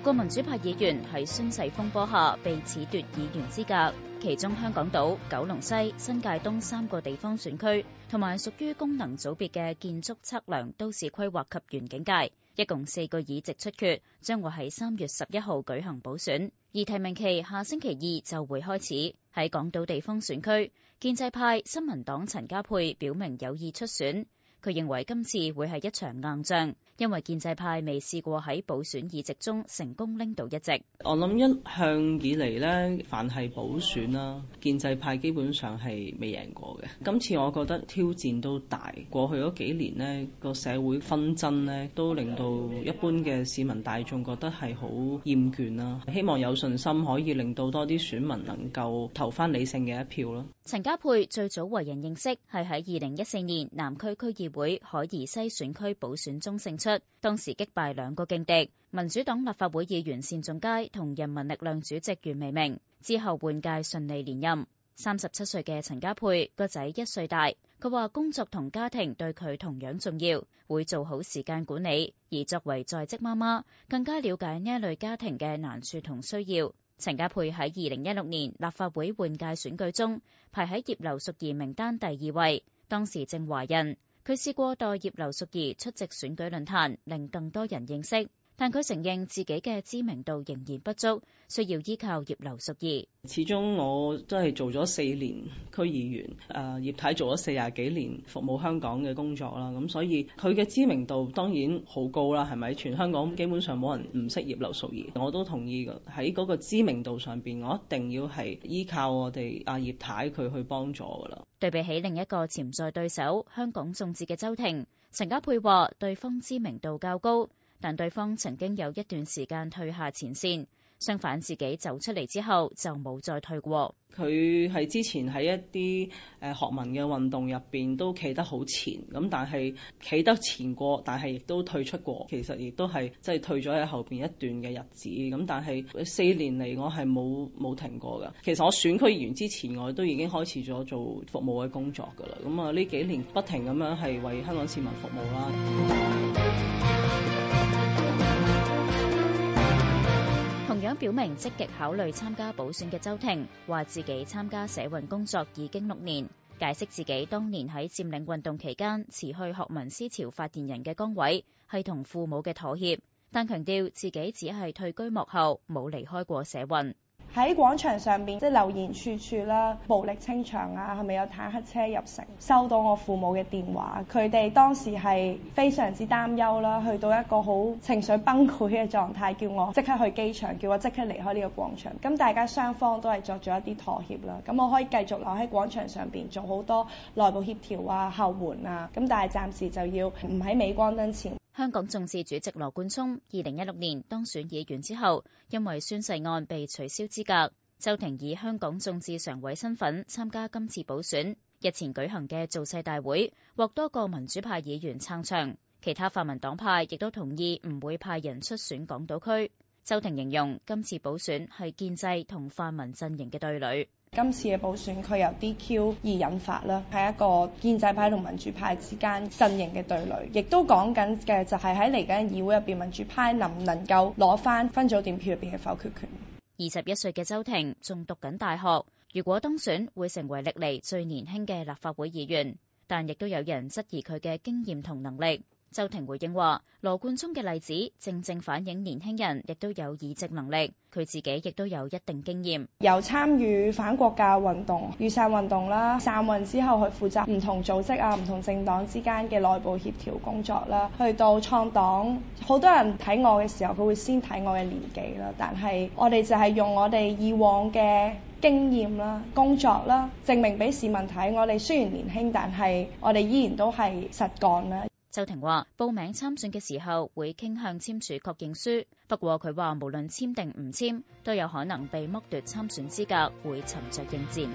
六個民主派議員喺宣誓風波下被褫奪議員資格，其中香港島、九龍西、新界東三個地方選區，同埋屬於功能組別嘅建築測量、都市規劃及園境界，一共四個議席出缺，將會喺三月十一號舉行補選，而提名期下星期二就會開始。喺港島地方選區，建制派新民黨陳家珮表明有意出選。佢認為今次會係一場硬仗，因為建制派未試過喺補選議席中成功拎到一席。我諗一向以嚟呢，凡係補選啦，建制派基本上係未贏過嘅。今次我覺得挑戰都大。過去嗰幾年呢，個社會紛爭呢都令到一般嘅市民大眾覺得係好厭倦啦。希望有信心可以令到多啲選民能夠投翻理性嘅一票咯。陳家珮最早為人認識係喺二零一四年南區區議會海怡西選區補選中勝出，當時擊敗兩個勁敵，民主黨立法會議員單仲偕同人民力量主席袁彌明之後換屆順利連任。三十七歲嘅陳家珮個仔一歲大，佢話工作同家庭對佢同樣重要，會做好時間管理。而作為在職媽媽，更加了解呢一類家庭嘅難處同需要。陳家珮喺二零一六年立法會換屆選舉中排喺葉劉淑儀名單第二位，當時正懷孕。佢試過代葉劉淑儀出席選舉論壇，令更多人認識。但佢承認自己嘅知名度仍然不足，需要依靠葉劉淑儀。始終我都係做咗四年區議員，誒、啊、葉太做咗四十幾年服務香港嘅工作啦，咁所以佢嘅知名度當然好高啦，係咪？全香港基本上冇人唔識葉劉淑儀。我都同意嘅，喺嗰個知名度上面，我一定要係依靠我哋阿、啊、葉太佢去幫助㗎啦。對比起另一個潛在對手香港眾志嘅周庭，陳家珮話對方知名度較高。但對方曾經有一段時間退下前線，相反自己走出嚟之後就冇再退過。佢係之前喺一啲誒學民嘅運動入邊都企得好前，咁但係企得前過，但係亦都退出過。其實亦都係即係退咗喺後邊一段嘅日子。咁但係四年嚟我係冇冇停過㗎。其實我選區議員之前我都已經開始咗做服務嘅工作㗎啦。咁啊呢幾年不停咁樣係為香港市民服務啦。 想表明積極考慮參加補選嘅周庭，話自己參加社運工作已經六年，解釋自己當年喺佔領運動期間辭去學民思潮發言人嘅崗位係同父母嘅妥協，但強調自己只係退居幕後，冇離開過社運。喺廣場上邊，即係流言處處啦，暴力清場啊，係咪有坦克車入城？收到我父母嘅電話，佢哋當時係非常之擔憂啦，去到一個好情緒崩潰嘅狀態，叫我即刻去機場，叫我即刻離開呢個廣場。咁大家雙方都係作咗一啲妥協啦。咁我可以繼續留喺廣場上邊做好多內部協調啊、後援啊。咁但係暫時就要唔喺鎂光燈前。香港眾志主席羅冠聰，二零一六年當選議員之後，因為宣誓案被取消資格，周庭以香港眾志常委身份參加今次補選。日前舉行嘅造勢大會，獲多個民主派議員撐場，其他泛民黨派亦都同意唔會派人出選港島區。周庭形容今次補選係建制同泛民陣營嘅對壘。今次嘅補選佢由 DQ 而引發啦，係一個建制派同民主派之間陣營嘅對壘，亦都講緊嘅就係喺嚟緊議會入邊，民主派能唔能夠攞翻分組點票入邊嘅否決權？二十一歲嘅周庭仲讀緊大學，如果當選會成為歷嚟最年輕嘅立法會議員，但亦都有人質疑佢嘅經驗同能力。周庭回應話：羅冠聰嘅例子正正反映年輕人亦都有議席能力，佢自己亦都有一定經驗，由參與反國家運動、雨傘運動啦，散運之後去負責唔同組織啊、唔同政黨之間嘅內部協調工作啦，去到創黨，好多人睇我嘅時候，佢會先睇我嘅年紀啦。但係我哋就係用我哋以往嘅經驗啦、工作啦，證明俾市民睇，我哋雖然年輕，但係我哋依然都係實幹啦。周庭話：報名參選嘅時候會傾向簽署確認書，不過佢話無論簽定唔簽，都有可能被剝奪參選資格，會沉著應戰。